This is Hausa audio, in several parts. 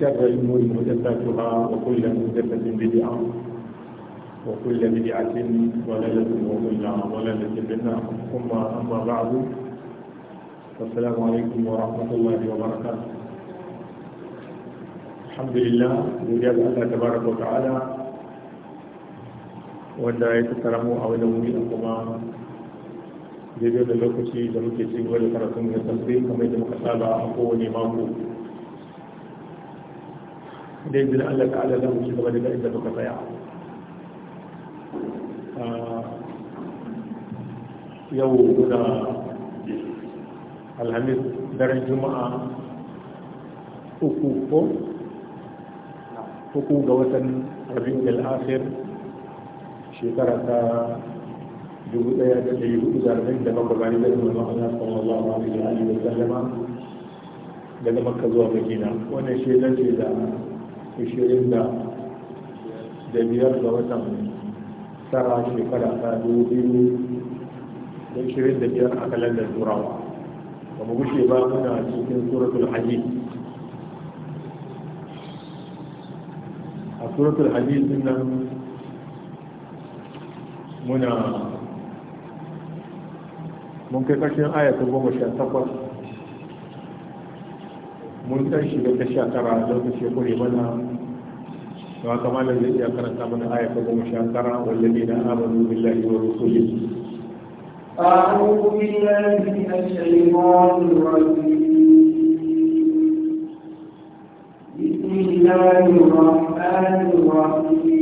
شر الأمور محدثاتها وكل محدثة بدعة وكل بدعة ضلالة وكل ضلالة بنا ثم أما بعد فالسلام عليكم ورحمة الله وبركاته الحمد لله وجاب الله تبارك وتعالى wanda ya tattaramu a wani wuri da kuma daidai da lokaci da muke ci gaba da karatun da izinin Allah ta'ala za mu ci gaba daga inda tsaya ah, yau da alhamis daren juma'a uku ko uku ga watan rabin al'afir shekara ta dubu daya da hudu da da Allah sallallahu alaihi wa sallama daga makka zuwa madina wannan shedan ce da ishirin da biyar ga watan tara shekara ta dubu biyu da ishirin da biyar a kalandar turawa ba mu gushe ba muna cikin suratul hajji a suratul hajji din nan muna mun kai ƙarshen ayatu goma sha takwas mun ɗan shiga ta sha tara don su shekure mana وكما الذين يقرأ كمن آية شاكرا والذين آمنوا بالله ورسوله أعوذ بالله من الشيطان الرجيم بسم الله الرحمن الرحيم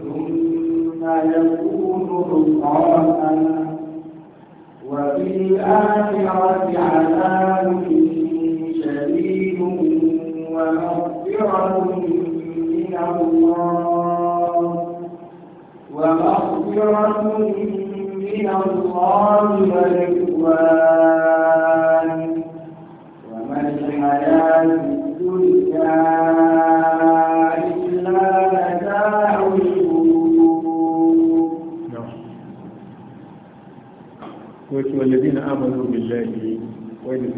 ثم يكون وفي الآخرة عذاب شديد ومغفرة من الله ومغفرة من الله ورضوان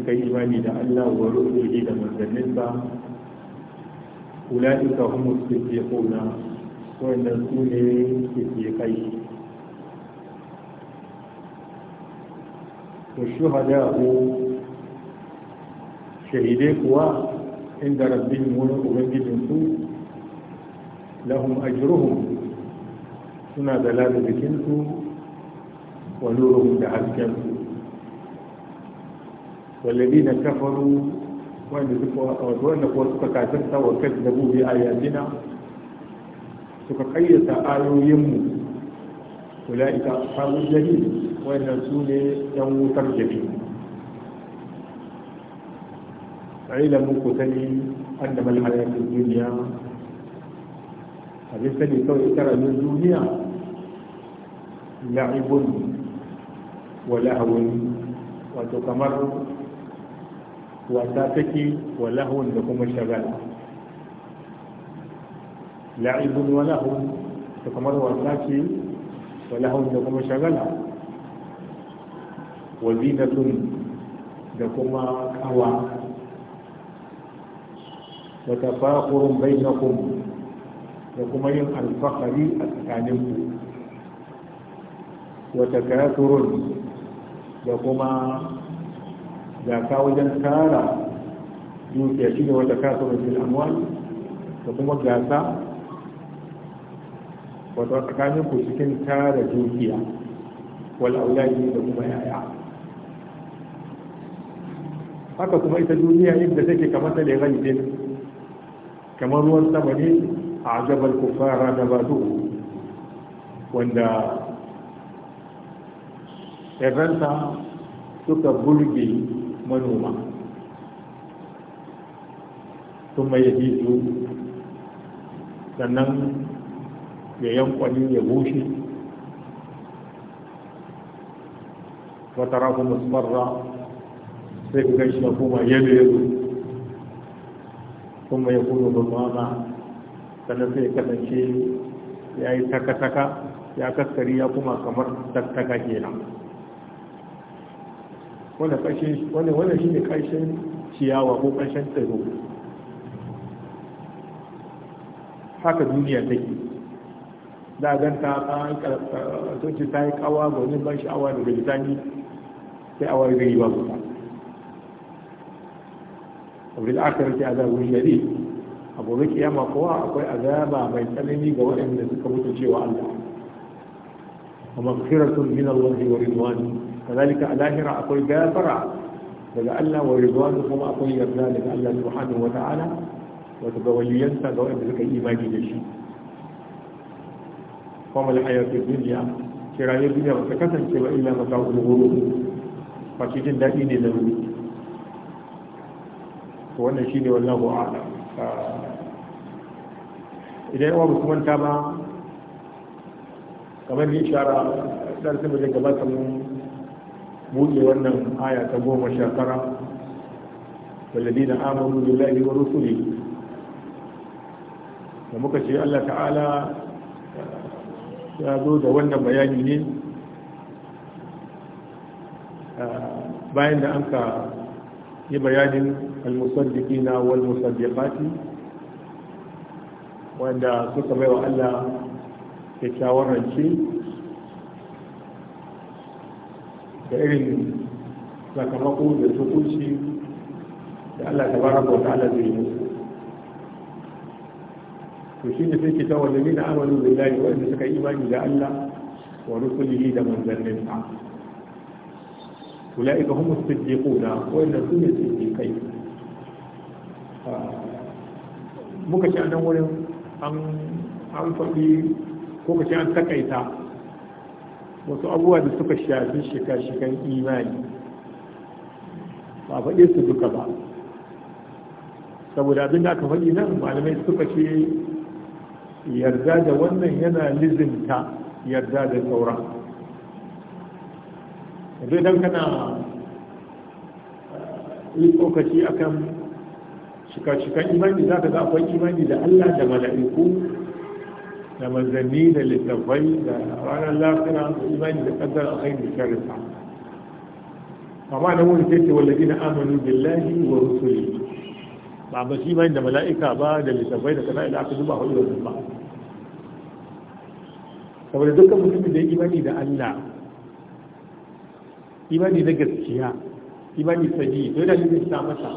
suka yi imani da Allah wa rusulihi da manzanninsa ulaika hum as-siddiquna wannan su ne siddiqai والشهداء شهيديك عند ربهم وبنجدهم لهم أجرهم سنة دلالة بكنتم ونورهم بحسكنتم والذين كفروا وانكوا تكاتبت وكذبوا بآياتنا تكقيت آيو يم أولئك أصحاب الجحيم وإن رسول يوم ترجمين علم قتلي أنما الحياة الدنيا أليسني ترى من الدنيا لعب ولهو وتكمر wasa take wa lahun da kuma shagala la'ibun wa lahun da kamar wasa ce wa lahun da kuma shagala wa zinatun da kuma kawa wa tafakurun bainakum da kuma yin alfahari a tsakaninku wa takaturun da kuma da ka wajen tara dukiya shi da wata kasa wajen amwal da kuma gasa wata tsakanin ku cikin tara dukiya wal aulaji da kuma yaya haka kuma ita duniya yadda take kamar ta da ghaibin kamar ruwan sama ne a jabar kufara da badu wanda yaranta suka burge manoma sun mai yaji su sannan ya yankwani ya bushe wata masu musfarra sai ku gaishe kuma ya yalo sun mai kuma rumana sannan sai kasance ya yi taka-taka ya kaskari ya kuma kamar tattaka kenan wanda kashe wanda wanda shine ƙarshen ciyawa ko ƙarshen tsaro haka duniya take Da a ta ta to ta sai kawa ga wani ban sha'awa da bisani sai awar gari ba kuma abu da aka rike azabun yare a gobe kiyama kowa akwai azaba mai tsanani ga waɗanda suka mutu cewa Allah wa maghfiratun min Allah wa ridwani كذلك الاخره اقول جابر بل الله ورضوانه كما اقول ذلك الله سبحانه وتعالى وتبولينت قوانين ذلك ايماني لشيء قام الحياة الدنيا شرايا الدنيا وتكتل سوى إلا متاع الغروب فكيفين دائين لهم وانا شيني والله أعلم ف... إذا أعوى بكمان كما كما يشارع لا نسمى جنجبات من buɗe wannan aya ta goma sha tara wallabi na amonu billahi wa rusuli da muka ce allah ta'ala ya zo da wannan bayani ne bayan da an ka yi bayanin al na wal wanda suka wa Allah kyakkyawar rance da irin sakamako da tukunci da Allah ta baraka wa ta'ala zai yi to shi ne sai kita mina lamina da billahi ko wanda suka imani da Allah wa rukunihi da manzannin su ulaika ko wanda su ne su ke kai. muka ci a nan wurin an faɗi ko ka ce an takaita wasu abuwa da suka shafi shika-shikan imani ba faɗe su duka ba saboda abin da aka faɗi nan malamai suka ce yarda da wannan yana lizinta yarda da saura yanzu idan kana eh, yi tsokaci akan shika-shikan imani za ka za akwai imani da allah da mala'iku لما زميل اللي تفاي وانا الاخر عن ايمان يتقدر اخير بشارسة فما نقول جيت والذين امنوا بالله ورسوله مع بس ايمان ده ملائكة بعد اللي تفاي لكنا الى عقد الله هو يوم الله فبدا دوكا مسلم ده ايماني ده ألا ايماني ده قسكيا ايماني سجي دولا يمين سامسا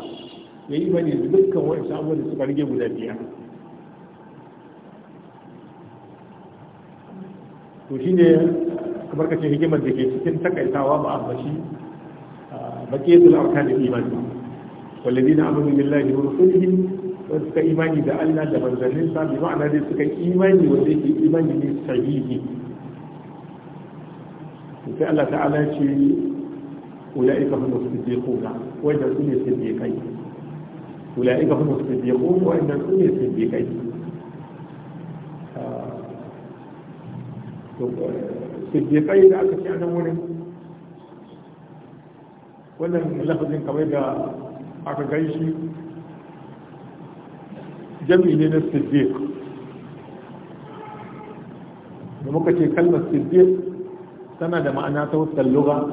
ايماني دوكا وإنسان الله سبحانه وتعالى to shi ne kamar kace hikimar da ke cikin takaitawa ba a bashi baƙe su la'arka da imani wallazi na amurin billahi wa rusulihim wanda suka imani da Allah da manzannin sa bi ma'ana dai suka imani wanda yake imani ne sahihi sai Allah ta'ala ce ulaika hum as-siddiquna wa da sunne siddiqai ulaika hum as-siddiqun wa inna sunne kai. to siddiƙai da aka ci a nan wurin wannan lafazin kamar da aka gan jami ne na siddiq da muka ce kalmar siddiq tana da ma'ana ta wasu lura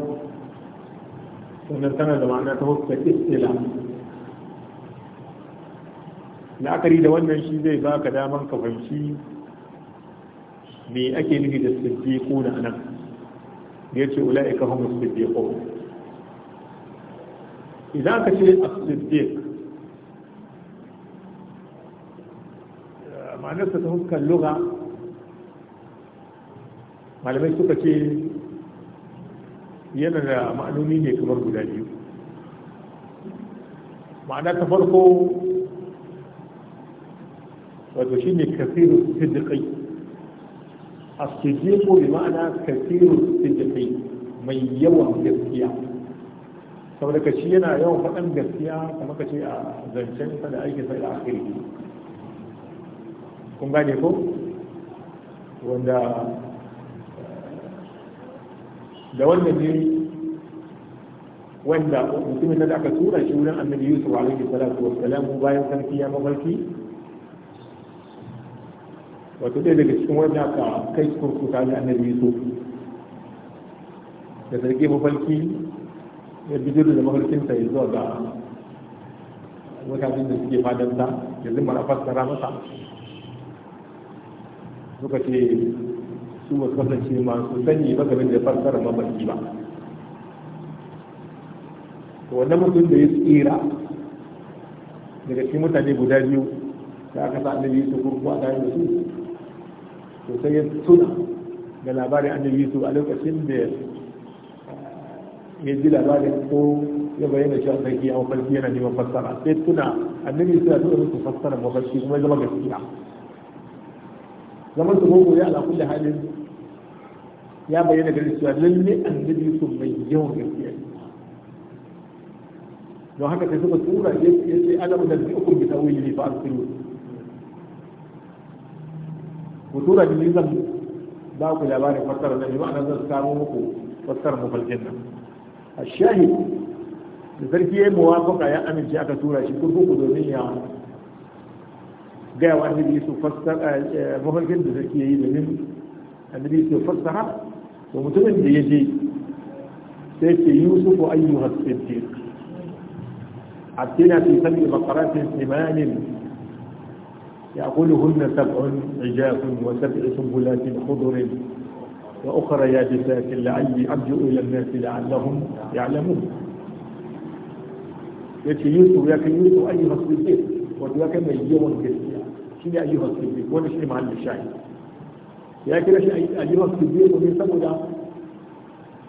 sannan tana da ma'ana ta wasu istila la'akari da wannan shi zai ba ka daman ka fahimci me ake nufi da siddiqu siddiquna anan yace ulaika humus siddiqu idan ka ce as-siddiq ma'anarsa ta huskar lura malamai suka ce yana da ma'anoni ne kamar guda biyu ma'ana ta farko wato shi ne kasirin siddiƙai الصديق بمعنى كثير الصدق mai yawan gaskiya saboda ka shi yana yawan faɗan gaskiya kuma ka ce a zancen sa da aikin sa da akhiri kun gane ko wanda da wannan ne wanda mutumin da aka tura shi wurin annabi yusuf alaihi salatu wassalam bayan sarki ya mafarki wato ɗaya daga cikin wani aka kai kurkuku ta an annabi yusuf da sarki mafalki ya bijir da mafarkinsa ya zuwa ga mutanen da suke fadansa yanzu mara fassara masa suka ce su ba kasance masu sanyi ba game da fassara mafarki ba wannan mutum da ya tsira daga cikin mutane guda biyu da aka sa annabi yusuf kurkuku a tare su to sai ya tuna da labarin annabi yusuf a lokacin da ya ji labarin ko ya bayyana shi a sarki a mafarki yana neman fassara sai tuna annabi yusuf ya tuna su fassara mafarki kuma ya zama gaskiya zaman su gogo ya alaƙun da halin ya bayyana gari cewa lalle annabi yusuf mai yawan gaskiya don haka sai suka tura ya ce ana da da ukun bi tawili fa asiru ku tura ni zan ba ku labarin fassarar da ba nan zan samu muku fassarar mafalkin nan a shahi da sarki ya yi muwafaka ya amince aka tura shi kurkuku domin ya gaya wa annabi su fassara mafalkin da sarki ya yi domin annabi su fassara to mutumin da ya je sai ke yusufu ayyuhas siddiq a tina fi sami bakaratin simanin يأكلهن سبع عجاف وسبع سنبلات خضر وأخرى يابسات لعلي أرجو إلى الناس لعلهم يعلمون يكي يوسف يكي يوسف أيها الصديق ودوك من يوم كريم شنو أيها الصديق ونشري مع الشاهد لكن أيها الصديق ومن ثم ذا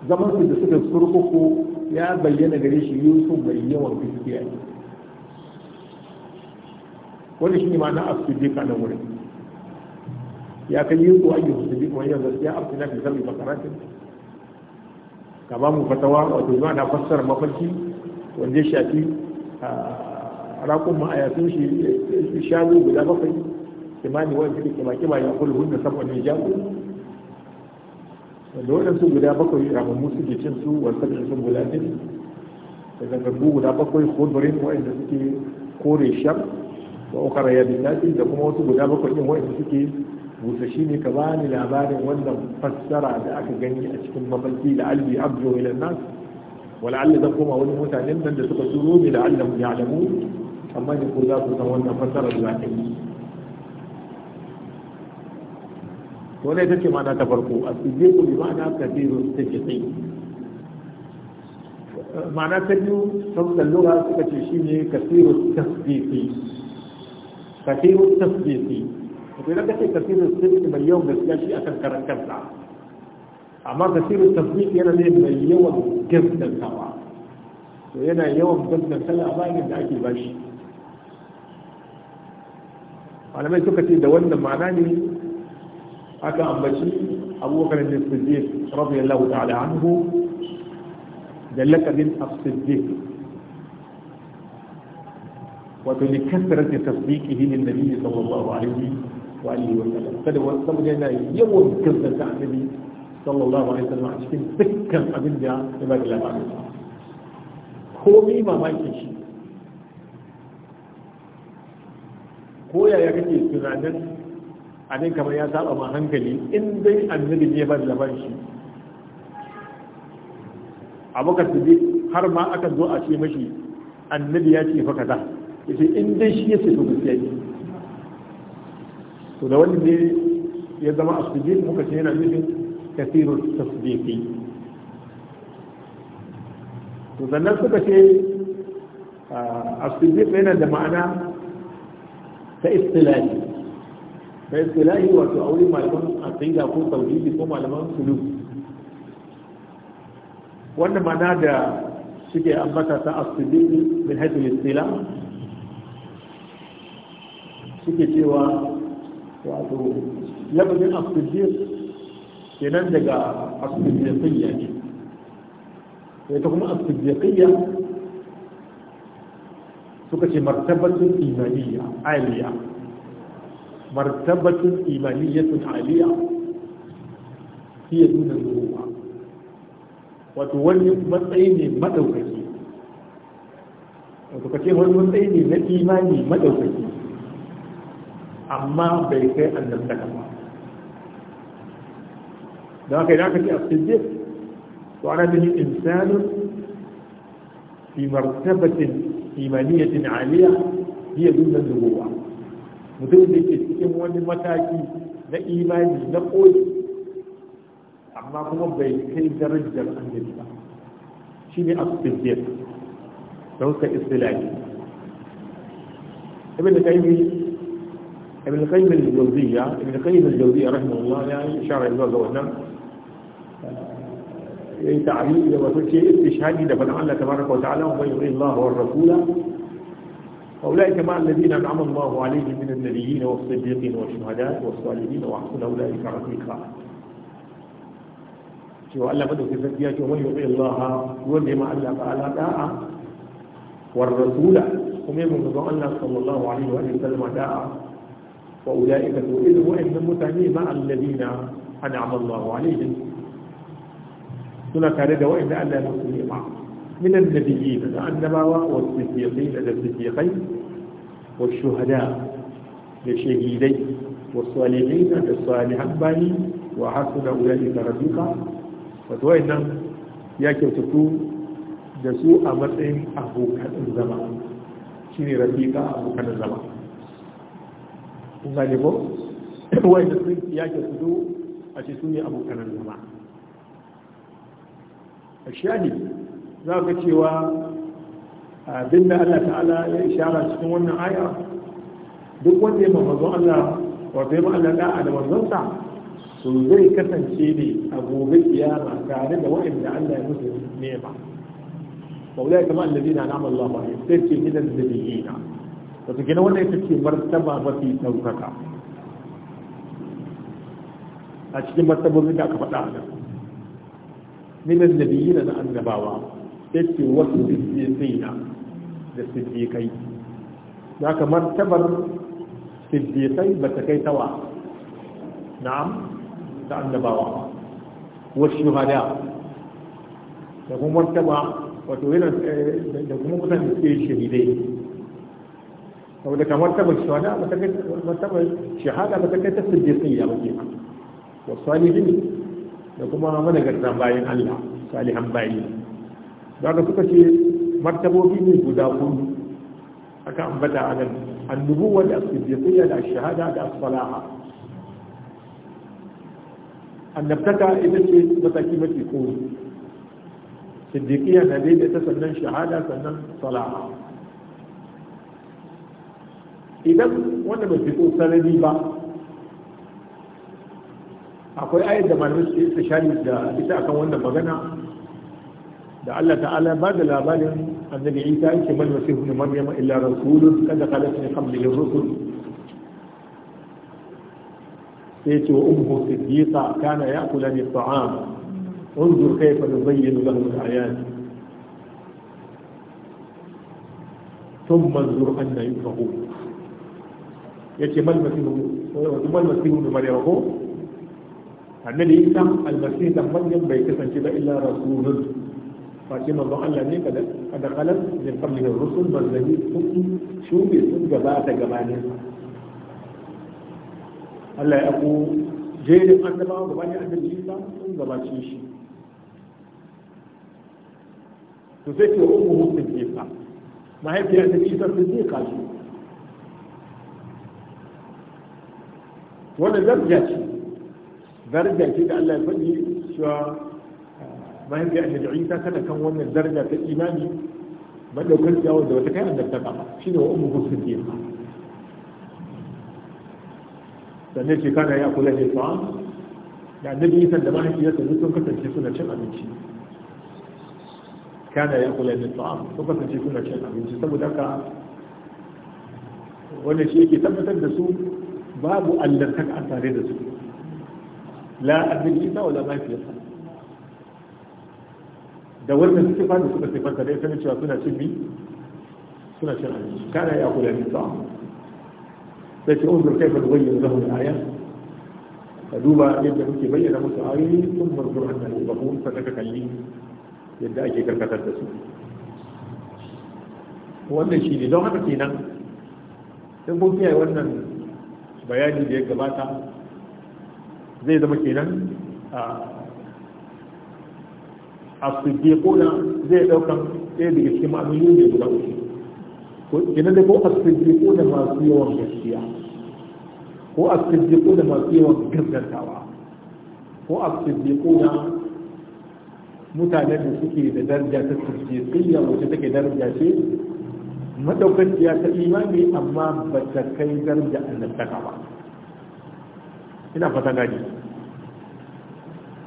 زمان في السنة الصرخ يا بيان غريش يوسف بيوم كريم wani shi ne ma na asibiti a nan wurin ya kai yi ko ayyuka su bi kuma yanzu ya abu na bizar ba karatun ka ba mu fatawa wato ma na fassara mafarki wanda ya shafi rakun ma'ayatun shi shanu guda bakwai kimani wanda suke kima kima ya kula hunna saboda ya jago wanda waɗansu guda bakwai ramammu suke cin su wasu da sun guda da zangargu guda bakwai hudurin waɗanda suke kore sham wa ukara ya bisatin da kuma wasu guda bakwai din wanda suke busashi ne ka bani labarin wannan fassara da aka gani a cikin mafarki da albi abdu ila nas wala alla da kuma wani mutanen nan da suka turo ne da Allah ya alamu amma ne ko za ku san wannan fassara da aka yi to ne take ma'ana ta farko asidiku bi ma'ana kabiru tajqi ma'ana ta biyu sautan lura suka ce shine kasiru tasdiqi sahihu tasdiqi to idan kace kasirin sirri mai yawan gaskiya shi akan karan kansa amma kasirin tasdiqi yana ne mai yawan gaskatawa to yana yawan gaskata labarin da ake bashi malamai suka ce da wannan ma'ana ne aka ambaci abubakar da siddiq radiyallahu ta'ala anhu da lakabin as-siddiq wato ne kasarar da tasbiki hinin nabi sallallahu alaihi wa alihi wa sallam kada wani saboda yana yawan gaskata annabi sallallahu alaihi wa sallam a cikin dukkan abin da ya ba da labarin komai mamakin shi ko yaya kake tunanin abin kamar ya saba ma hankali in dai annabi ne ya ba da labarin shi abokan su har ma aka zo a ce mashi annabi ya ce fa kaza yace in dai shi yace to gaskiya ne to da wannan ne ya zama asbiq muka ce yana nufin kathirul tasdiqi to sannan suka ce asbiq yana da ma'ana ta istilahi ta istilahi wato aure malaman aqida ko tauhidi ko malaman suluk wannan ma'ana da suke ambata ta asbiq min haythu istilah suke cewa wato lafazin ke kenan daga asibiriyya ne ta kuma asibiriyya suka ce martabatun imaniya aliyya martabatun aliyya fi iya nuna zuwa wato wani matsayi ne madaukaki wato kace wani matsayi ne na imani madaukaki amma bai kai annabtaka ba da haka Da aka ce as-siddiq to ana bihi insanun fi martabatin imaniyatin aliyya hiya dunna nubuwa mutum da ke cikin wani mataki na imani na koyi amma kuma bai kai darajar annabi ba shine as-siddiq da ka istilahi ibn qayyim ابن القيم الجوزية ابن القيم الجوزية رحمه الله يعني شرع الله زوجنا تعليل لما كل شيء استشهادي دفن فلعل تبارك وتعالى ومن الله والرسول أولئك مع الذين أنعم الله عليهم من النبيين والصديقين والشهداء والصالحين وأحسن أولئك رفيقا شو Allah madaukakin في ya شو من yuti الله wanda ما ma Allah ta'ala والرسول ومن rasula الله صلى الله عليه وسلم alaihi وأولئك تؤذوا إنهم متعني مع الذين أنعم الله عليهم هناك رد وإن ألا نسمي معه من النبيين فأنما والصديقين للصديقين والشهداء للشهيدين والصالحين للصالح أباني وحسن أولئك رفيقا يا ياكي تكون جسوء مرء أبوك الزمان شيني رفيقا أبوك الزمان kun gane ko wanda sun yake su a ce su ne zama a shani za ka cewa abin da Allah ta'ala ya ishara cikin wannan aya duk wanda ya mamazon Allah wato ya Allah da'a da manzonsa su zai kasance ne a gobe kiyama tare da waɗanda Allah ya mutu nema. Maulai kama allazina na Allah ba sai ce gidan da wata gina wanda ita ce martaba mafi ɗaukaka a cikin martabobi da aka faɗa a nan minan nabiyyi na annabawa sai ce wasu siddiƙaina da siddiƙai za ka martabar siddiƙai ba ta kai tawa Na, da annabawa wa shuhada da kuma martaba wato yana eh, da kuma mutane da suke shahidai ولا كان مرتبة الشهداء مرتبة الشهادة مرتبة الصديقية وجيها والصالحين لكم ما نقدر نعم باين الله صالحا باين بعد سكة مرتبة بين الجداهم أكان بدأ على النبوة الصديقية الشهادة الصلاحة أن نبتدى إذا شيء متكلمة يكون صديقية نبيل إذا سنن شهادة سنن صلاحة idan wanda ba su sanadi ba akwai ayat da malamai su shari da ita akan wannan magana da Allah ta'ala ba da labarin annabi Isa yake mal masihu ne maryama illa rasulun kada kada ne kan qablihi rusul sai ce wa ummu siddiqa kana ya'kulani at'am انظر كيف نبين لهم الآيات ثم انظر أن يفهمون yace mal masihu eh, mal masihu bi maryam ko annabi isa almasih dan maryam bai kasance ba illa rasulun face manzon Allah ne kada kada kalan min qablihi rusul manzali sun shubi sun gabata gabanin Allah ya ku jerin annabawa gabanin annabi isa sun gabace shi to sai ke ummu siddiqa mahaifiyar ta isa siddiqa ce wannan daraja ce daraja ce da Allah ya faɗi cewa ah, mahaifiyar da ta tana kan wannan daraja ta imani madaukar ciyawa da wata kayan annabtaka shi ne wa umu hussein biya sannan shi kana ya kula ne fa, da annabi isa da mahaifiyarsa duk sun kasance suna cin abinci kana ya kula ne fa, sun kasance suna cin abinci saboda haka wannan shi yake tabbatar da su babu allantaka a tare da su la abin isa wala mahaifiyarsa da wannan suke Da suka sai fanta da ya sani cewa suna cin bi suna cin abinci kana ya kula ni ta sai ce unzur kaifa nubayyin lahu al-aya ka duba yadda muke bayyana musu ayoyi sun marzur annal ubahun fa ka kalli yadda ake karkatar da su wannan shi ne don haka kenan sai kun kiyaye wannan bayani da ya gabata zai zama kenan a siddiquna zai daukan ɗaya daga cikin ma'amili ne guda uku ko kenan da ko a siddiquna masu yawan gaskiya ko a siddiquna masu yawan gaggantawa ko a siddiquna mutanen da suke da daraja ta siddiqiyya wacce take daraja ce madaukakiya ta imani amma ba ta kai garda annabtaka ba ina fata gani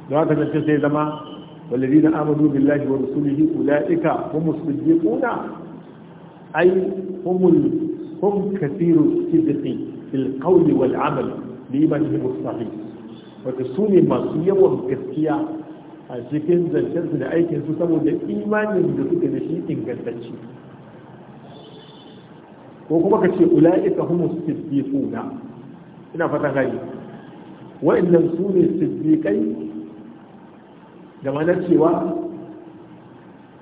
da haka nan sai zama والذين آمنوا بالله ورسوله أولئك هم الصديقون أي هم ال... هم كثير الصدق في القول والعمل لإيمانهم الصحيح وتسوني ما سيوا كثيرا a cikin zancensu da aikinsu saboda imanin da suka da shi ingantacci ko kuma ka ce ula'ika humus siddiquna ina fatan gani wa'annan su ne siddiqai da mana cewa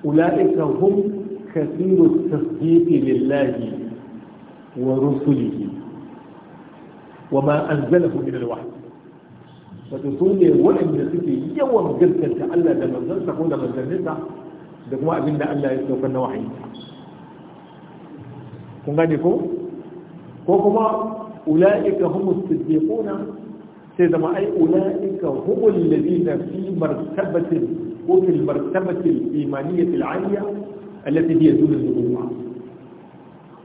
ula'ika hum kasiru tasdiqi lillahi wa rusulihi wa ma anzalahu min alwahyi wato su ne waɗanda suke yawan gaskanta Allah da manzansa ko da manzanninsa da kuma abinda Allah ya saukar na wahayi kun gane ko ko kuma ula'ika humus siddiquna sai zama ai ula'ika humul ladina fi martabatin ko fil martabatin imaniyatil aliyya allati hiya dunul nubuwa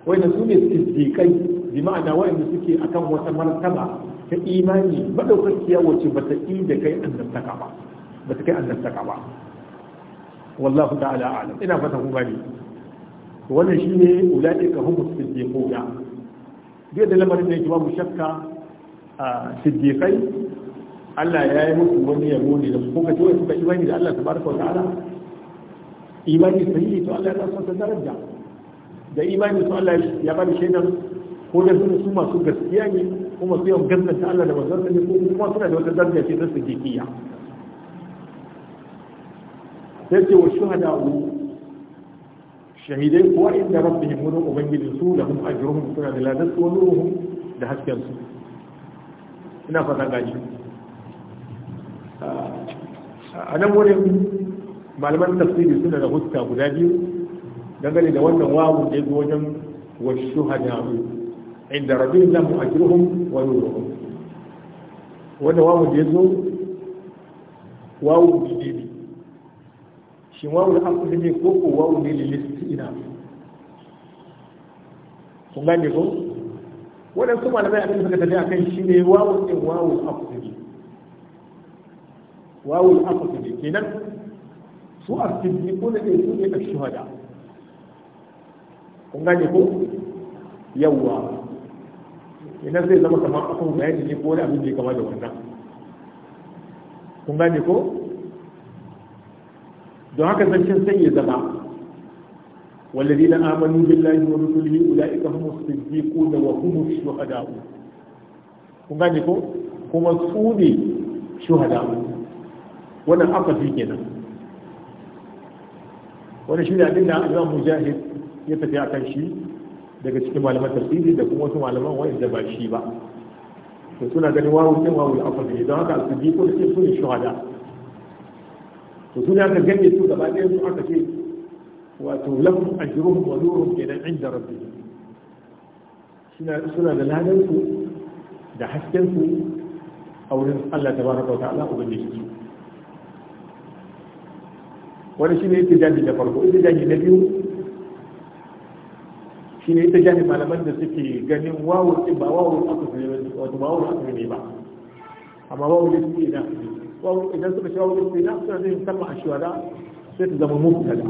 wayna sune siddiqai bi ma'ana wayanda suke akan wata martaba ta imani madaukakiya wacce bata yi da kai annabtaka ba bata kai annabtaka ba wallahu ta'ala a'lam ina fata kun gane to wannan ka ulaika humus ya duk da lamarin da yake babu shakka a siddiqai Allah ya yi musu wani yabo ne da su kuka ce suka imani da Allah tabaraka wa ta'ala imani yi to Allah ya san ta daraja da imani su Allah ya bani shaidar ko da su su masu gaskiya ne kuma su yawan ta Allah da manzon ne ko kuma suna da wata daraja ce ta siddiqiyya sai ce wa shuhada shahidai kuwa inda rabbihim mun ubangijin su lahum ajruhum suna da ladan su nuruhum da hasken su ina fata gaji a nan wurin malaman tafsiri suna da huska guda biyu dangane da wannan wawu da yazo wajen washuhada'u inda rabbihim lahum ajruhum wa nuruhum wannan wawu da yazo wawu shi wawul akuli ne ko ko wawu ne ina kun gane ko waɗansu malamai abin da suka tafi kan shi ne wawul ɗin wawul akuli wawul akuli kenan su asibiku ne ɗin su ne a shuhada kun gane ko yawwa idan zai zama kamar akwai bayani ne ko wani abin da ya kama da wannan kun gane ko don haka zancen sai ya zama والذين آمنوا بالله ورسوله أولئك هم الصديقون وهم Shuhada. kun gane ko kuma su ne shuhada wannan akwafi kenan wani shi ne abin da azan mujahid ya tafi a kan shi daga cikin malaman tafsiri da kuma wasu malaman wanda ba shi ba to suna ganin wawu kin wawu akwafi don haka su bi ko su ne shuhada to su ka ganye su gaba ɗaya su aka ce wato lahum ajruhum wa nuruhum kenan inda da rabbi. suna da ladan da hasken su a wurin Allah ta tabaraka ta ta'ala ubangiji su wani shi shine yake jaji da farko ita jaji na biyu shi ne ita jami malaman da suke ganin wawon ba wawon aka ne ba wato wawon aka ne ba amma wawon ne suke da aka ne وإذا سمى شواهد الصلاة فهذه تسمى الشهداء سيد زمن مبتدا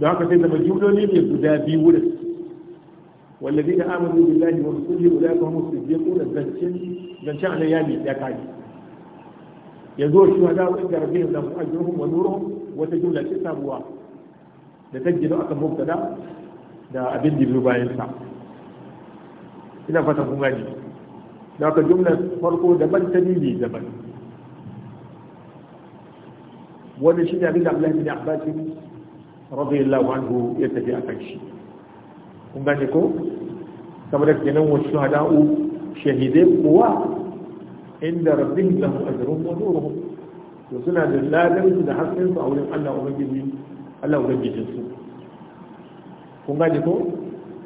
دعاك سيد زمن جودة لين يبدا بي ولس والذين آمنوا بالله ورسوله أولئك هم الصديقون الزنشن زنشان على يامي يا كاي يزور الشهداء وإن ربهم لهم أجرهم ونورهم وتجول الكتاب و لتجد أكثر مبتدا da abin da biyu bayan sa da ka jumlar farko daban ta bibi daban wani shi ne abin da Abdullahi bin Abbas radiyallahu anhu ya tafi a kan shi kun gane ko saboda kenan wa shuhada'u shahidai kuwa inda rabbihim lahum ajrun wa nuruhum to suna da ladan da hasken su a wurin Allah ubangiji Allah ubangijin su kun gane ko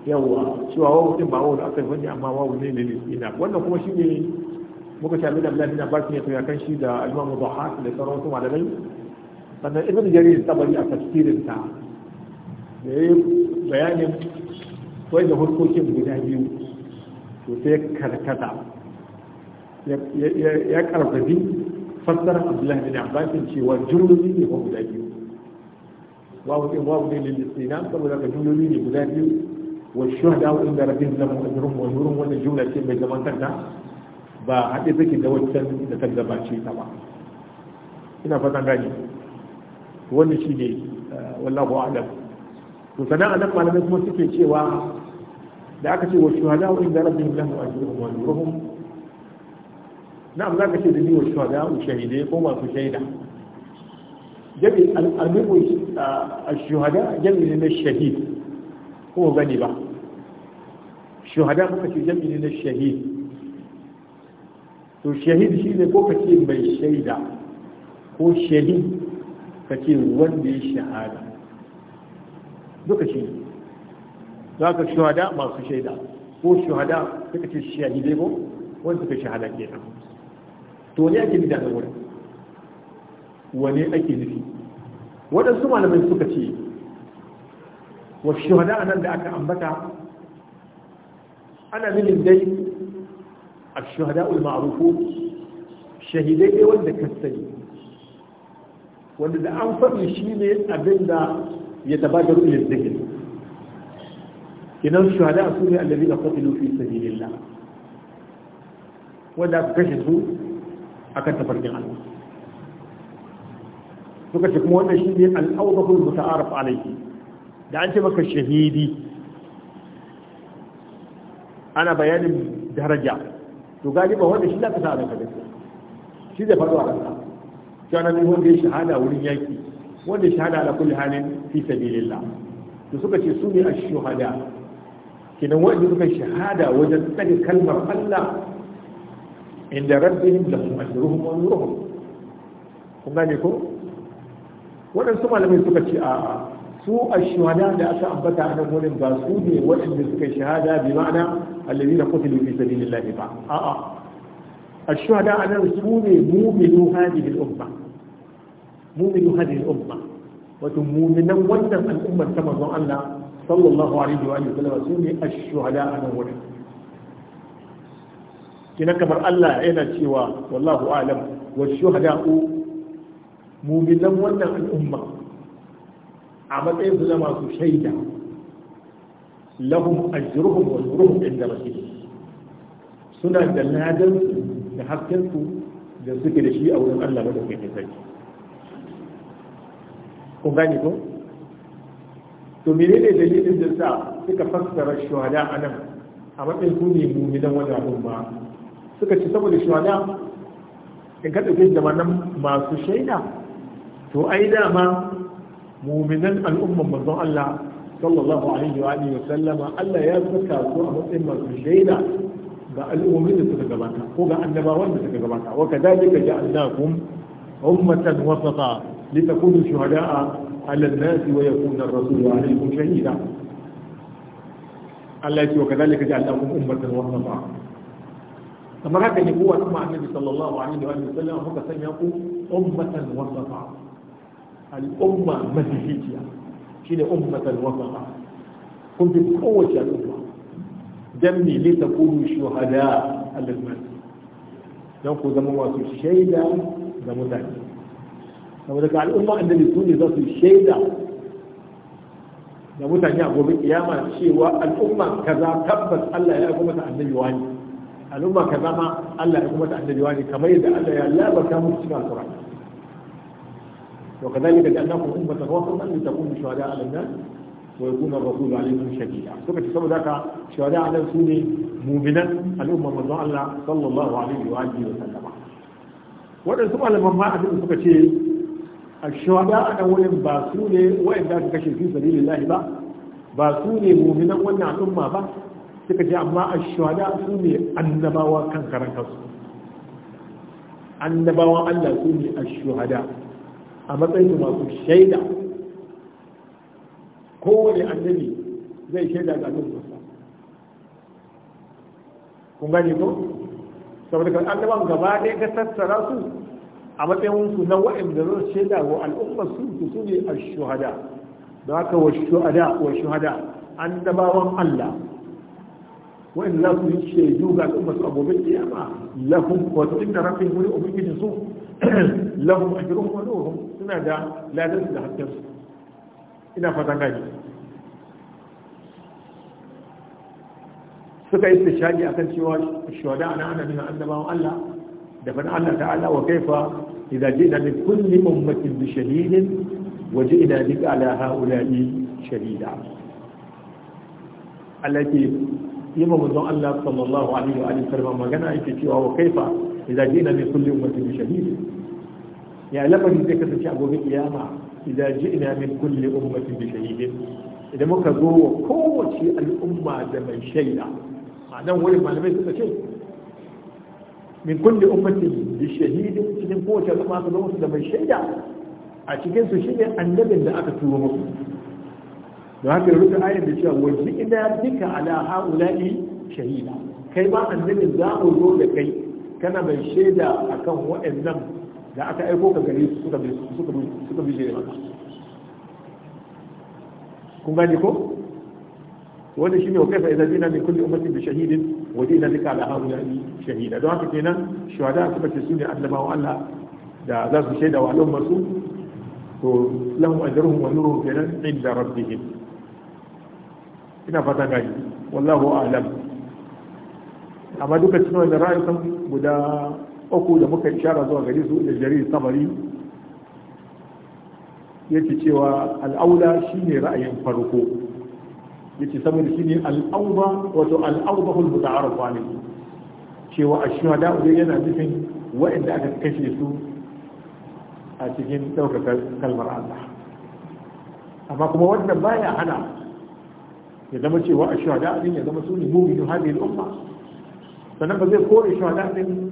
yawa cewa wawu din ba wawu da aka yi amma wawu ne ne ina wannan kuma shi ne muka ce abin abdullahi na bakin ya tuya kan shi da imam zuhaq da sauran wasu malamai sannan ibn jarir tabari a tafsirin ta da yayi bayanin wai da hukuncin guda biyu to sai karkata ya karfafi fassarar abdullahi bin abbas cewa jumloli ne ko guda biyu wawu din wawu ne lil istinam saboda ka jumloli ne guda biyu والشهداء عند ربهم لهم اجرهم ونورهم ولا جولة كيف بي زمان تقدر با حتى بك اذا وجدتن اذا تقدر طبعا هنا فتن غاني وانا شي دي آه، والله اعلم وفنا انا قال لك ما سكي شي وا دعك والشهداء عند ربهم لهم اجرهم ونورهم نعم ذاك الشيء اللي هو الشهداء هو في شهيدة جميل آه، الشهداء جميل الشهيد هو غني بقى shuhada muka ce ne na shahid to shahid shi ne ko ka ce mai shaida ko shahid ka ce wanda ya shahada duka shi za ka shuhada masu shaida ko shuhada suka ce shahidai ko wanda suka shahada kenan to ne ake nufi a wurin wane ake nufi waɗansu malamai suka ce wa shuhada nan da aka ambata أنا من الدين الشهداء المعروفون الشهيدين وانا كالسيد وانا دا أنفر لشيني أبين دا يتبادر إلى الذهن إن الشهداء سوري الذين قتلوا في سبيل الله وانا بكشفه أكد تفرق عنه فكشف مهمة شيني الأوضف المتعارف عليه دا أنت مكا شهيدي ana bayanin daraja to gaji ba wanda shi za ka sa ranka da shi zai faru a ranka shi ana min wanda ya shahada wurin yaki wanda shahada ala kulli halin fi sabilillah to suka ce su ne a shuhada kinan wanda suka shahada wajen tsaga kalmar Allah inda rabbihim lahum ajruhum wa nuruhum kun gane ko waɗansu malamai suka ce a su a shuhada da aka ambata a nan wurin ba su ne waɗanda suka shahada bi ma'ana الذين قتلوا في سبيل الله تعالى آآ آه، آه. الشهداء عليهم سنة مؤمنوا هذه الأمة مؤمنوا هذه الأمة وتمؤمنا ونف الأمة كما قال صلى الله عليه وآله وسلم سنة الشهداء نور كنا كما الله عين الشوى والله أعلم والشهداء مؤمنا ونف الأمة عمل إذن إيه؟ ما تشيده lahum ajruhum wa nuruhum inda rabbihim suna da ladan da hakkin su da suke da shi a wurin Allah madaukakin sarki kun gane ko to menene dalilin da sa suka fassara shuhada anan a matsayin su ne mu'minan wannan al'umma suka ce saboda shuhada in ka ɗauke da manan masu shaida to ai dama mu'minan al'umman manzon Allah صلى الله عليه وآله وسلم ألا يزكى سوء مسلم الشيدة بالأمومين تتجبعك قوة النباوان تتجبعك وكذلك جعلناكم أمة وسطا لتكونوا شهداء على الناس ويكون الرسول عليكم شهيدا الله يسوى كذلك جعلناكم أمة وسطا كما رأيك أن يقوى أمة النبي صلى الله عليه وآله وسلم هو يقول أمة وسطا الأمة مسيحية shine ummatan wasafa kun bi kowace al'umma dan me ne ta kunu shuhada alal nas dan ku zama masu shaida ga mutane saboda ka al'umma annabi su ne za su shaida da mutane a gobe kiyama cewa al'umma kaza tabbas Allah ya aiko mata annabi wani al'umma kaza ma Allah ya aiko mata annabi wani kamar yadda Allah ya labarta musu cikin alqur'ani وكذلك جعلناكم أمة وسطا لتكونوا شهداء على الناس ويكون الرسول عليهم شهيدا سوف تسمى ذاك شهداء على رسول مؤمنا الأمة من الله صلى الله عليه وآله وسلم وإن سمعت لما ما أدري سوف تشيء الشهداء أولا باسولي وإن ذاك كشي في سبيل الله با باسولي مؤمنا نعم وإن أمة با سوف أما الشهداء سوني النبوة كان كرنكس النبوة الله سوني الشهداء a matsayin masu shaida kowane annabi zai shaida ga annabi musa kun gani ko saboda kan annaban gaba ɗaya ka tattara su a matsayin su na waɗanda zai shaida wa al'ummar su su su ne a shuhada da haka wa shuhada wa shuhada annabawan Allah wa'in za su yi shaidu ga al'ummar su a gobe kiyama lahum wa inda rabbihim wa ubangijin su لهم أجرهم ونورهم لماذا لا تزل حتى إلى فتنجي فكيف تشهد أكن شواش الشهداء أنا أنا من أنما وألا دفن الله تعالى وكيف إذا جئنا من كل أمة بشهيد وجئنا بك على هؤلاء شديدا التي يمم ذو الله صلى الله عليه وآله وسلم ما جنا وكيف إذا جئنا من كل أمة بشهيد يا يعني لما جئتك تشعبه إياما إذا جئنا من كل أمة بشهيد إذا مكا قوة قوة الأمة دمي شيئا معناه ولي ما لم يزل شيء من كل أمة بشهيد إذا قوة الأمة دمي شيئا أتكين سوشيئا أن نبن لأك تروه لو هكذا رؤيت آية بشيء وجئنا بك على هؤلاء شهيدا كيما أن نبن لأك تروه لكي كان من شيئا أكون وإن da aka aiko ka gare su suka suka suka bijire maka kun gane ko wanda shine wa kaifa idza jina min kulli ummatin bi shahidin wa jina bika ala haula'i shahida don haka kenan shuhada suka ce sune wa Allah da za su shaida wa al'ummar su to lahum ajruhum wa nuruhum kenan inda rabbihim ina fata gani wallahu a'lam amma duka cikin wannan ra'ayukan guda uku da muka shara zuwa gari su da jarir sabari yake cewa al'aula shine ra'ayin farko yace saboda shine al'auba wato cewa yana nufin wa'anda aka kashe su a cikin daukar kalmar Allah amma kuma wannan baya hana ya zama cewa ya zama mu'minu hadhihi al-umma sannan ba zai kore shuhada din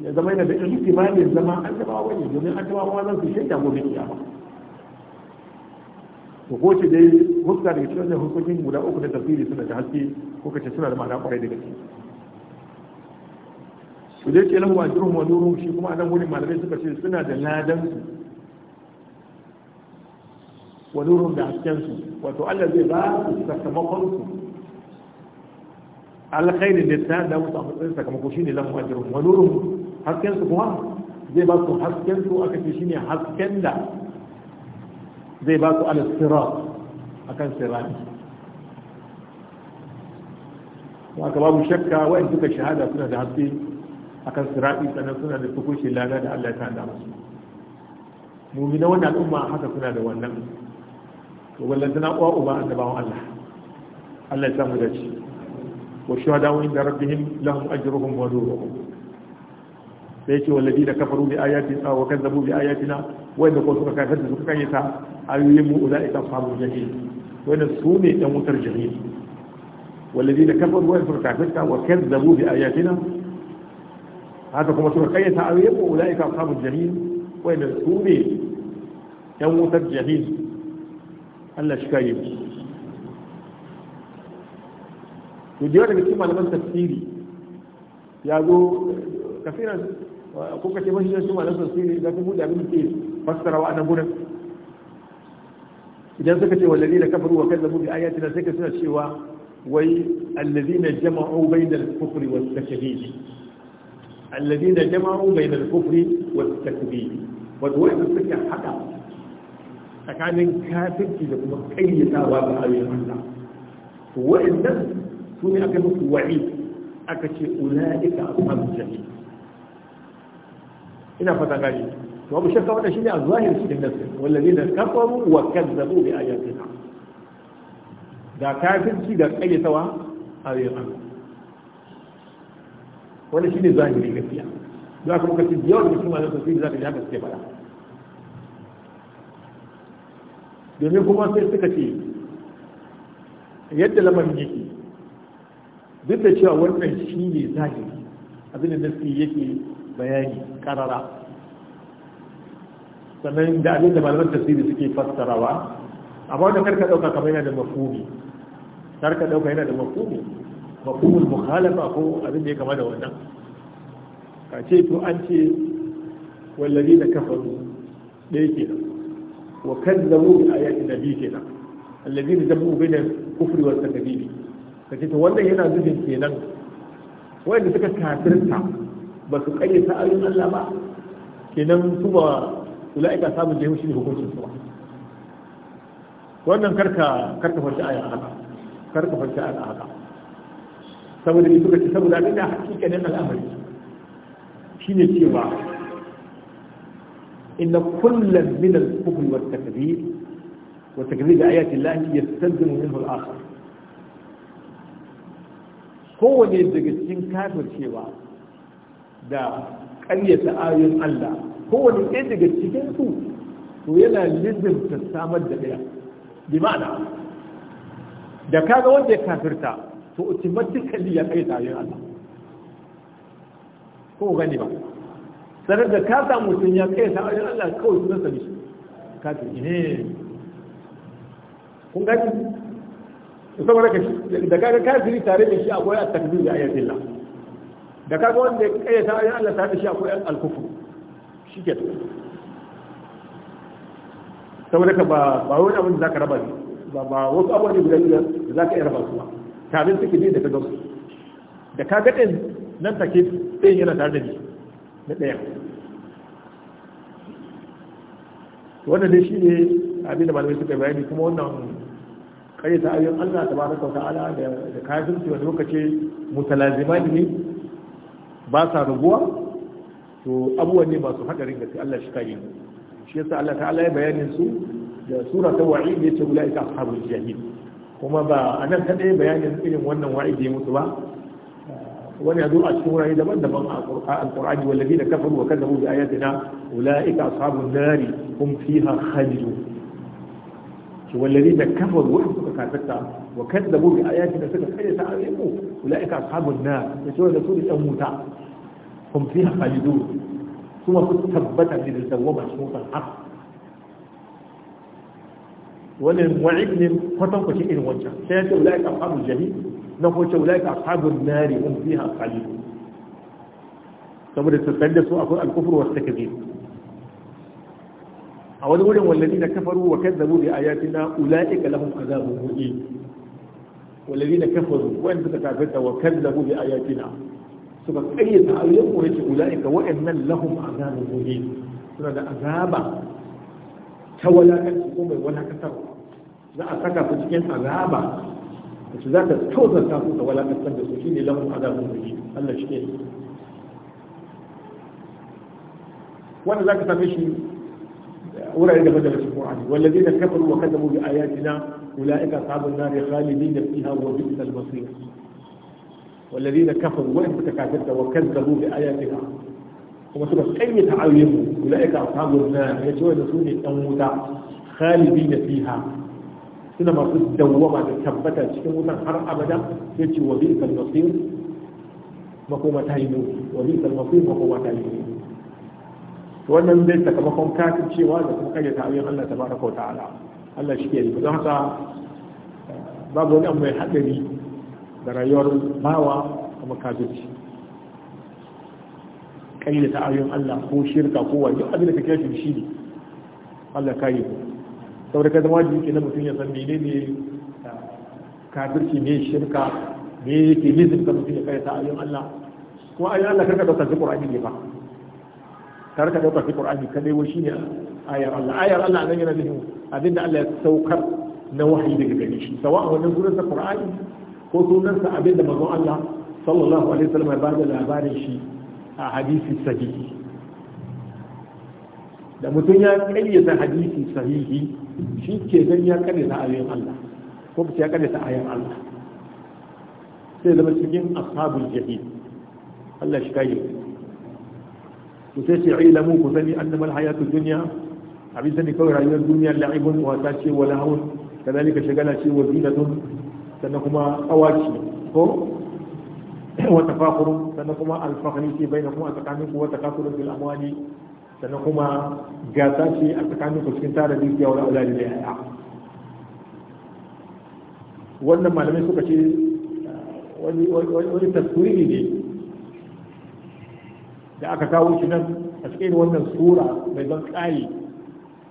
ya zama yana da ihtimalin zama an taba wani domin an taba wani su shaida gobe kiyama to ko ce dai huska da cikin hukumin guda uku da tafsiri suna da haske ko kace suna da ma'ana kwarai da gaske su dai kenan wa jirhum wa nurum shi kuma anan wurin malamai suka ce suna da ladan su wa nurum da hasken su wato Allah zai ba su sakamakon su alkhairin da ta da musu a matsayin sakamako shine lahum ajrun wa nurum hasken su kuma zai ba su hasken su aka ce shine hasken da zai ba su ala sirat akan sirati haka babu shakka wa'in suka shahada suna da haske akan sirati sannan suna da tukushin lada da Allah ya tanda musu mumina wannan al'umma haka suna da wannan to wallanta na uwa uba annabawan Allah Allah ya samu dace wa shuhada inda rabbihim lahum ajruhum wa nuruhum da yake wallabi da kafaru bi ayati sa wa kazzabu bi ayatina wanda ko suka kafir da suka kayyata ayoyin mu ulaika ashabul jahim wanda su ne dan wutar jahil wallabi da kafaru wa suka kafirta wa kazzabu bi ayatina haka kuma suka kayyata ayoyin mu ulaika ashabul jahim wanda su ne dan wutar jahil Allah shi kai to da yawa daga cikin malaman tafsiri ya zo kafiran ko ka ce mashi da kuma nasu sai da kuma da abin ke fassara wa nan gurin idan suka ce wallazi da kafaru wa kazzabu bi ayatina sai ka suna cewa wai allazina jama'u bainal kufri was takdhib allazina jama'u bainal kufri was takdhib wato wai suka hada tsakanin kafirci da kuma kayyatawa ga ayoyin Allah to wa'annan su ne aka musu wa'i aka ce ula'ika ashabul jahim ina fata gani abu shakka wannan shine a zahir cikin wallahi da kafaru wa kadzabu bi ayatina da kafirci da kayyatawa a yayin wannan shine zahiri gaskiya za ka muka ci yau da kuma da tafsiri za ka kace haka domin kuma sai suka ce yadda lamarin yake duk da cewa wannan shi ne zahiri abin da nasi yake bayani karara sannan da abin da malaman tasiri suke fassarawa amma wanda karka dauka kamar yana da mafumi karka dauka yana da mafumi mafumin mukhalafa ko abin da ya kama da wannan ka ce to an ce wallari da kafaru da yake nan wa kazzabu bi biyu ke nan allabi da jabu da kufri wa takdhibi ka ce to wannan yana ke nan wanda suka kafirta ba su kare ta ayoyin Allah ba kenan su ba ula'ika samun jihu shine hukuncin su ba wannan karka karka farta a haka karka farta a haka saboda ni suka ce saboda abin hakikanin al'amari shine cewa inna kullan min al-kufri wa takdhib wa takdhib ayati Allah yastanzimu minhu al-akhar kowane daga cikin cewa da ƙaryata ayoyin Allah kowane ɗaya daga cikin su to yana lizinta samar da ɗaya bi ma'ana da kaga wanda ya kafirta to automatically ya ƙaryata ayoyin Allah ko gani ba sanar da ka samu mutum ya ƙaryata ayoyin Allah kawai sunan sa bishi kafir ne kun gani saboda da kaga kafiri tare da shi akwai a takbir da ayatin Allah da kaga wanda ya kayyata ayin Allah ta da shi akwai yan alkufu shi ke saboda ka ba ba wani abin da zaka raba ne ba ba wasu abubuwa ne guda biyar da zaka iya raba su ba tare suke ne da ka gamsu da ka ga ɗin nan take ɗin yana tare da ni na ɗaya wannan dai shi ne abin da malamai suka bayani kuma wannan kayyata ayin Allah ta wa ala da kafirci wani lokaci mutalazimani ne ba sa raguwa to abubuwan ne masu haɗarin gaske Allah shi kare shi yasa Allah ta'ala ya bayanin su da sura ta wa'id ya ce ulaika ashabul jahim kuma ba anan kadai bayanin irin wannan wa'idi ya mutu ba wani yazo a cikin wurare daban-daban a alqur'ani wallazi da kafaru wa kadzabu bi ayatina ulaika ashabun nari hum fiha khalidun Ki wallazi da kafaru wa suka kafirta wa kadzabu bi ayatina suka kayyata ayyuku ulaika ashabun nar yace wanda su ne yan wuta هم فيها خالدون ثم تثبت عند الزوابة شروط الحق ولن وعدن فتن فشيء وجه سيأتي أولئك أصحاب الجليل نقول أولئك أصحاب النار هم فيها خالدون ثم تتلسوا أقول الكفر والتكذيب أولا أولا والذين كفروا وكذبوا بآياتنا أولئك لهم عذاب مهين والذين كفروا وأنت تكافرت وكذبوا بآياتنا فكيف يوم اولئك وان لهم عذاب مهين سنة عذاب تولى الحكومة ولا كثر لا أتكى فتكين عذاب فتذاك توضى كثر تولى كثر فتكين لهم عذاب مهين الله شكين وانا ذاك تفشي أولا إذا بدأ في القرآن والذين كفروا وكذبوا بآياتنا أولئك أصحاب النار خالدين فيها وبئس المصير والذين كفروا وإن تكاثرت وكذبوا بآياتنا وما سبس أي متعاون أولئك أصحاب النار يجوى نسون الأموتا خالدين فيها سنما في الدوامة كبتا تشتموتا حر أبدا يجوى وبيئة المصير مقومة هيمون وبيئة المصير مقومة هيمون wannan zai sakamakon kafin cewa da kuma kage ta abin Allah tabaraka wa ta'ala Allah shi ke yi don haka babu wani abu mai hadari da rayuwar bawa kuma kafirci kayyada ta ayoyin Allah ko shirka ko wani abin da kake shi shi ne Allah ka yi saboda ka zama jiki na mutum ya san mene ne ah, kafirci ne shirka ne yake nizin ka mutum ya kai ta ayoyin Allah kuma ayoyin Allah karka dauka Qur'ani ne ba karka dauka Qur'ani kadai wai shine ayar Allah ayar Allah nan yana nufin abinda Allah ya saukar na wahayi daga gare shi sawa a wannan gurin sa Qur'ani ko sunansa abin da mazan Allah sallallahu alaihi wasallam ya bada labarin shi a hadisi sahihi da mutum ya kayyata hadisi sahihi shi ke zan ya karyata ayoyin Allah ko ba ya karyata ayoyin Allah sai zama cikin ashabul jahil Allah shi kayyau ku sai ce ilamu ku sani annama alhayatu dunya abin sani kawai rayuwar duniya la'ibun wasa ce wa lahawun kadalika shagala ce wa zinatun sannan kuma awaki ko wata fakurun sannan kuma alfahari ce bai na kuma a tsakanin ku wata kakurun bil amwani sannan kuma gasa ce a tsakanin ku cikin tara dukiya wani aulari da yaya wannan malamai suka ce wani tasiri ne da aka kawo shi nan a cikin wannan sura mai ban ƙari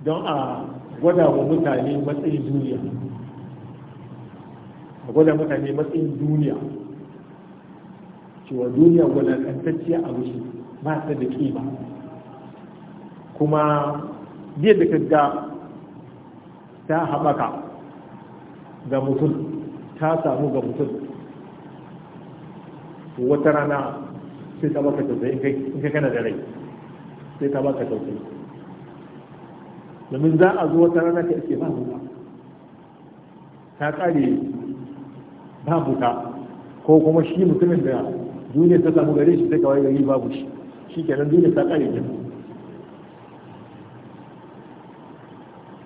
don a gwada wa mutane matsayin duniya a gwada mutane matsayin duniya cewa duniya wadatantacciya a wuce ba ta da kima kuma da ka ga ta haɓaka ga mutum ta samu ga mutum wata rana sai ta baka tausayi in ka kana da rai sai ta baka tausayi domin za a zo wata rana ka ake ba ta kare babu ka ko kuma shi mutumin da duniya ta samu gare shi sai kawai gari babu shi shi kenan duniya ta kare kenan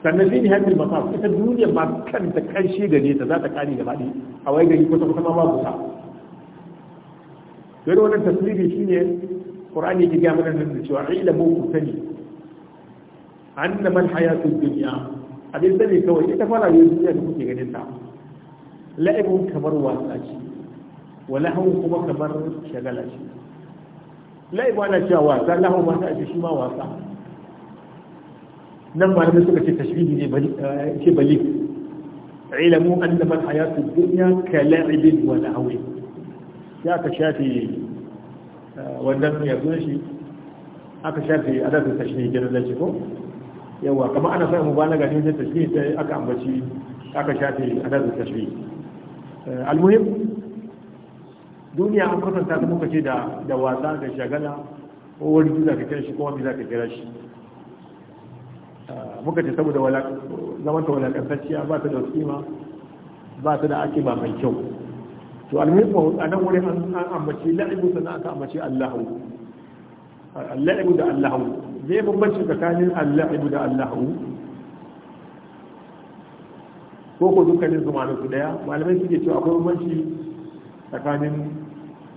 sannan zai nihar masaf ita duniya ma kanta karshe gare ta za ta kare gaba ɗaya a wai gari kusa kusa ma babu ta gari wannan tasiri ne ƙur'ani ya gaya mana da cewa ila mu ku sani annama alhayatu a abin sani kawai ita fara yin duniya da kuke ganin ta la'ibun kamar wasa ce wa lahawun kuma kamar shagala ce la'ibu ana cewa wasa lahawun wasa ce shi ma wasa nan malamai suka ce tashbihi ne eh, ce bali ilamu annama hayatu dunya ka la'ibin wa lahawin ya ka shafi eh, wannan zo shi aka shafi adadin tashbihi kenan da ko yawa kamar ana sa mubalaga ne da tashbihi sai aka ambaci aka shafi adadin tashbihi Eh, almuhim duniya an kwatanta ta muka ce da wasa da shagala ko wani za ka kira shi ko wani za ka kira shi eh, muka ce saboda zaman ta walakantacciya ba ta da kima ba ta da ake ba mai kyau to almuhim a nan wurin an ambaci la'ibu sannan aka ambaci allahu allahu eh, da allahu me bambanci tsakanin allahu da allahu koko ko dukkanin su ma'anar su daya malamai suke cewa akwai bambanci tsakanin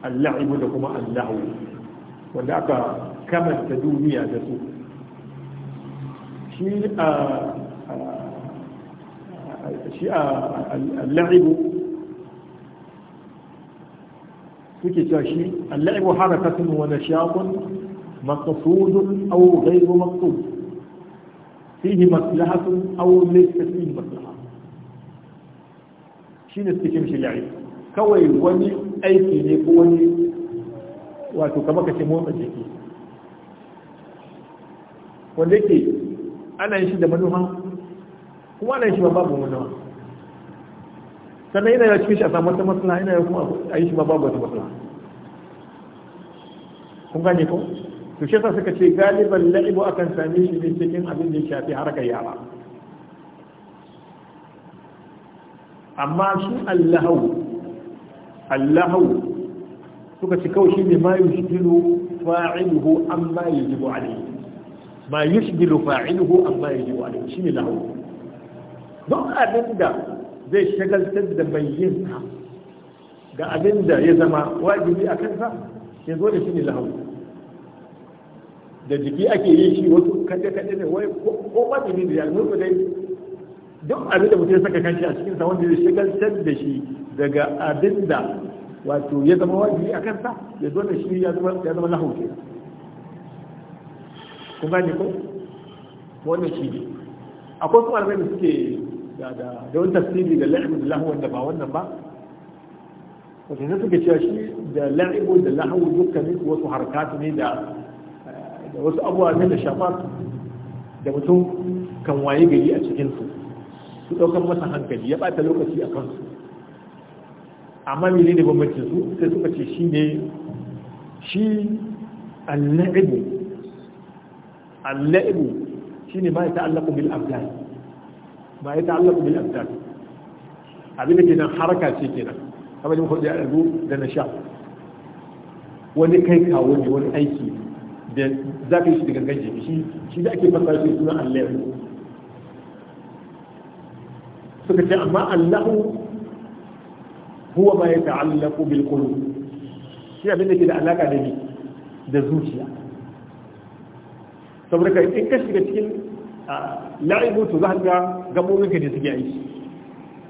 alla'ibu da kuma allahu wanda aka kamanta duniya da su shi a shi a alla'ibu suke cewa shi alla'ibu harakatun wa nashaqun maqsudun aw ghayru maqsud fihi maslahatun aw laysa fihi maslahatun ne suke ce mishi la'i kawai wani aiki ne ko wani wato kama ka ce motsa jiki wanda yake ana yin shi da manufa kuma ana yin shi ba babu manufa sannan yana yawa cikin shi a samu wata matsala yana yawa kuma a yi shi ba babu wata matsala kun gane ko to shi suka ce galiban la'ibu akan same shi ne cikin abin da ya shafi harkar yara amma su allahau allahau suka ci kawai ne ma yushgilu fa'iluhu amma yajibu alayhi ma yushgilu fa'iluhu amma yajibu shi ne lahu don abin da zai shagaltar da mai yin sa ga abin da ya zama wajibi a kansa ya zo da ne lahu da jiki ake yi shi wasu kaɗe-kaɗe ne wai ko ba da ya zo dai duk abin da mutum ya saka kanshi a cikin sa wanda ya shigaltar da shi daga abin da wato ya zama wajibi a kansa ya zo da shi ya zama na hauke kun gani ko wannan shi ne akwai kuma armai da suke da wani tafsiri da la'ibu da lahu wanda ba wannan ba wato ne suke cewa shi da la'ibu da lahu dukkanin wasu harkatu ne da wasu abubuwa ne da shafa da mutum kan waye gari a cikinsu su ɗaukar masa hankali ya ɓata lokaci a kansu amma mene ne bambancin su sai suka ce shi ne shi alla'ibu alla'ibu shi ne ba ya ta'allaku bil abdal ba ya ta'allaku bil abdal abin da ke nan haraka ce ke nan kamar yin hudu ya da na sha wani kai kawo ne wani aiki da za ka yi shi daga gajen shi shi da ake fasa shi suna alla'ibu suka ce amma allahu huwa ma ya ta'allaku bil qulub shi abin da ke da alaka da ni da zuciya saboda kai in ka shiga cikin la'ibu to za ka ga gabobin ka ne suke aiki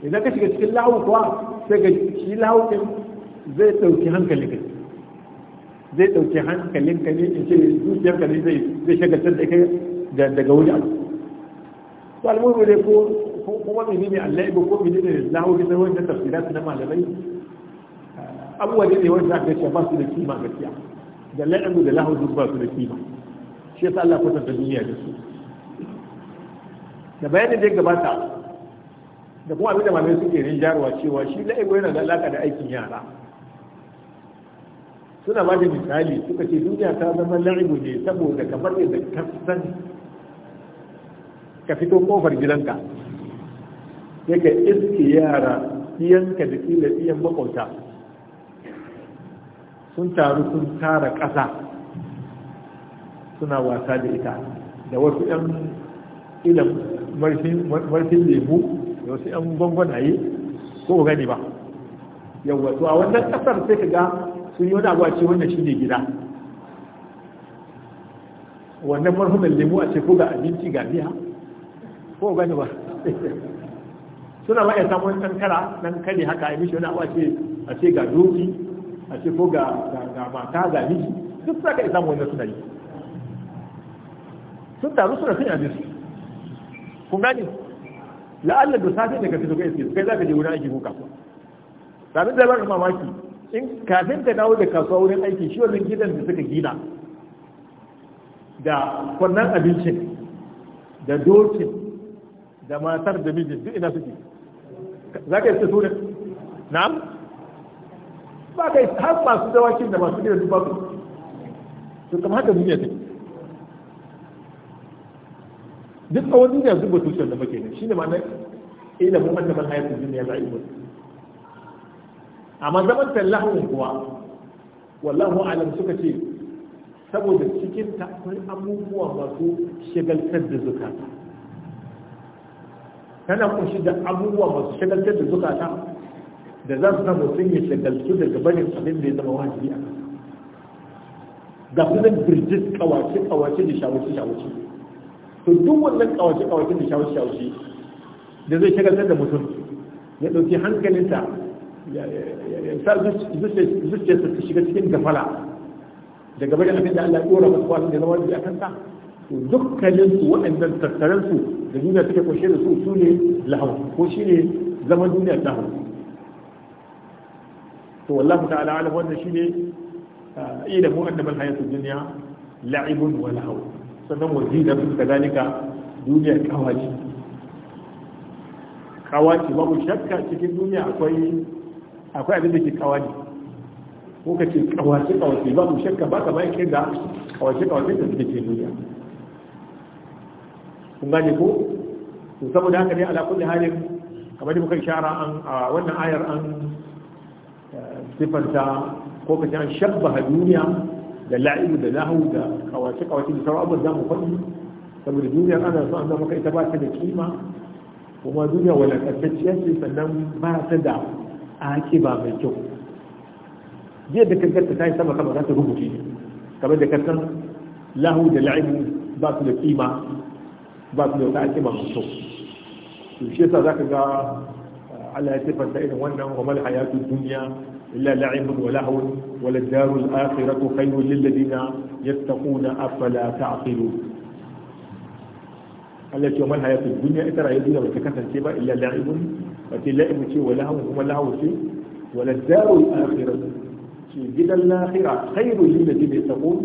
idan ka shiga cikin lahu kuwa sai ga shi lahu din zai dauki hankalin ka zai dauki hankalin ka ne in ce zuciyar ka ne zai zai shagaltar da kai daga wani abu to al'umma ne ko ko kuma mene ne Allah ibo ko mene ne lahu da wanda tafsirat na malamai abuwa ne wani wanda aka ce ba su da kima gaskiya da la'abu da lahu duk ba su da kima shi yasa Allah kwatanta duniya da su da bayanin da ya gabata da kuma abin da malamai suke rinjarwa cewa shi la'ibu yana da alaka da aikin yara suna ba da misali suka ce duniya ta zama la'ibu ne saboda kamar yadda ka san ka fito kofar gidanka yake iske yara iyanka da kila iyan makauta sun taru sun tara ƙasa suna wasa da ita da wasu 'yan ilan marfin lemu da wasu 'yan gwangwanaye ko gani ba yawwa a wannan ƙasar sai ka ga sun yi wani abu a ce wannan shi ne gida wannan marfin lemu a ce ko ga abinci ga biya ko gani ba suna ma ya samu wani kankara nan kare haka a mishi wani abu a ce ga doki a ce ko ga mata ga miji duk suna ka iya samu wannan suna yi sun taru suna sun yanzu su kun gani la'allar da safe da ka fito kai sai kai za ka je wurin aiki ko kasuwa sabin da baka mamaki in kafin ka dawo da kasuwa wurin aiki shi wannan gidan da suka gina da kwanan abincin da dokin da matar da mijin duk ina suke za ka iske su ne na'am ba ka iske har masu dawakin da masu gida ba su to kama haka duniya take duk tsawon duniya zuba tushen da muke ne shi ne ma'anar ilimin wanda man hayatun duniya za a yi mutu amma zaman tallahun kuwa wallahu alam suka ce saboda cikin ta akwai abubuwa masu shagaltar da zukata tana kunshi da abubuwa masu shagaltar da zukata da za su sa mutum ya shagaltu daga gabanin abin da ya zama wajibi a ga sunan birjit kawace kawace da shawarci shawarci to duk wannan kawace kawace da shawarci shawarci da zai shagaltar da mutum ya ɗauki hankalinta ya sa zuciyarsa ta shiga cikin gafala daga gabanin abin da Allah ya ɗora masu wasu da zama wajibi a kansa to dukkaninsu waɗannan tattaransu da duniya take kunshe da su su ne lahau ko shi ne zaman duniyar lahau to wallahu ta'ala alam wannan shi ne mu annama alhayatu dunya la'ibun wa lahau sannan wazida fi kadalika duniya kawaci kawaci babu shakka cikin duniya akwai akwai abin da ke kawaci ko ka ce kawace ba babu shakka baka bayan kin da kawace kawace da suke duniya kun gane ko to saboda haka ne ala kulli halin kamar da muka ishara an wannan ayar an eh, sifanta ko kace an shabbaha duniya da la'ibu da lahu da kawace kawace da sauran abubuwan da mu faɗi saboda duniya ana so an zama kai ta ba ta da kima kuma duniya wala kasanciya ce sannan ba ta da ba mai kyau jiya da kankanta ta yi sama sama za ta rubuce kamar da kasan lahu da la'ibu ba su da kima ba su da wata ake masu kyau to shi yasa zaka ga Allah ya sifanta irin wannan wa mal hayatu dunya illa la'ibun wa lahwun wa ladarul akhiratu khayrun lil ladina yattaquna afala ta'qilun Allah ce man hayatu dunya ita rayuwar duniya bata kasance ba illa la'ibun wa ce la'ibu ce wa lahu kuma lahu ce wa ladarul akhirah ce gidan lahira khairul lil ladina yattaqun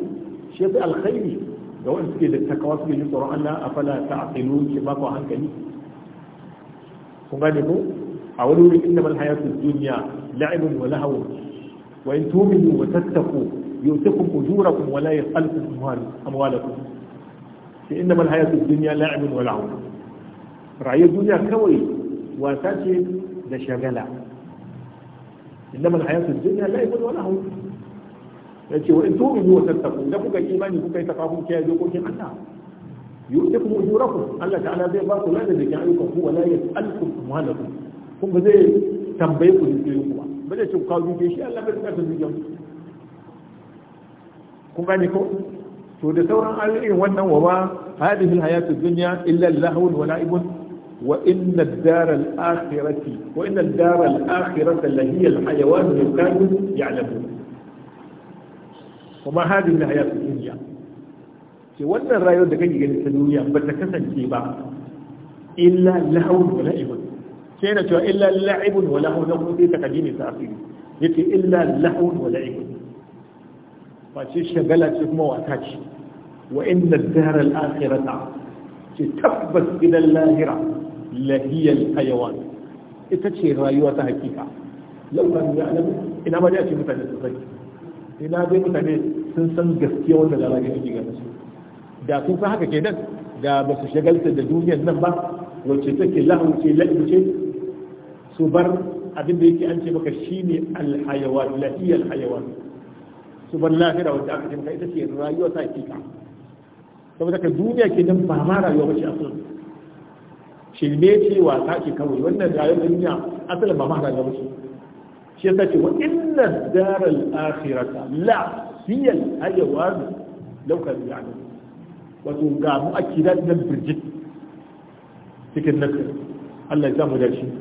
shi bi alkhairi ga wanda suke da takawa suke jin tsoron Allah a fala ta aqilu shi ba ku hankali kun gane ko a wani wuri inda mal hayatu dunya la'ibun wa lahu wa in tu'minu wa tattaqu yu'tikum ujurakum wa la yas'alukum amwalakum shi inda mal hayatu dunya la'ibun wa lahu rayuwar duniya kawai wasa ce da shagala inda mal hayatu dunya la'ibun wa lahu yace wa in tu'minu wa tattaqu da kuka imani kuka yi takafun kiyaye dokokin Allah yu'tikum ujurakum Allah ta'ala zai ba ku ladan da ke ayyukan ku wala yas'alukum amwalakum kun ba zai tambaye ku dukiyoyin ku ba ba zai ce ku kawo dukiyoyi shi Allah bai tsaka dukiyoyin ku kun gane ko to da sauran ayoyin wannan wa ba hadihi alhayatu dunya illa lahwun wa la'ibun wa inna ad-dara al-akhirati wa inna ad-dara al-akhirata la hiya al-hayawan yakaadu ya'lamu wa kuma hadin na hayatu duniya ce wannan rayuwar da kake gani ta duniya ba ta kasance ba illa lahawun wa la'ibun sai na cewa illa la'ibun wa lahawun na kuma sai ta kadimi ta asiri yace illa lahawun wa la'ibun ba ce shagala ce kuma wata ce wa inna dahar al-akhirata ce tabbas gidan lahira lahiyal hayawan ita ce rayuwa ta hakika lau kan ya alamu ina ma da ce mutane sosai. na zai mutane sun san gaskiya wanda za a ga shi ga su da sun san haka kenan da ba su shagalta da duniyar nan ba wacce take lahauce laibuce su bar abin da yake an ce maka shine alhayawa lahiyar alhayawa su bar lahira wanda aka jimka ita ce rayuwa ta ka, saboda ka duniya ke nan ba ma rayuwa ba ce shi shirme ce wasa ke kawai wannan rayuwar duniya asalin ba ma rayuwa ba ce شيخة وإن الدار الآخرة لا هي الحيوان لو كان يعني وتقول قال مؤكدات من برجت تلك النكر الله يسامه ذا الشيء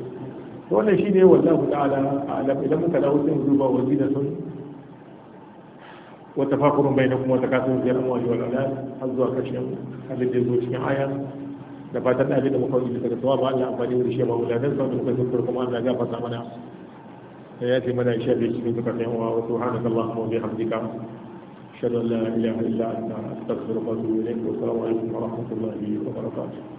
وانا شيء هو الله تعالى أعلم إذا كنت أقول لهم ذوبا وزينة وتفاقر بينكم وتكاثر في الأموال والأولاد حظوا كشم هل يجلسوا في معايا دفاتنا أهل المقاومين لكي تتوابع الله أفادي ورشيبه ولا ننسى أن نكثر لكم أن نجاب ياتي من يشاء ليستفيد من سبحانك اللهم وبحمدك اشهد ان لا اله الا انت استغفرك واتوب اليك والسلام عليكم ورحمه الله وبركاته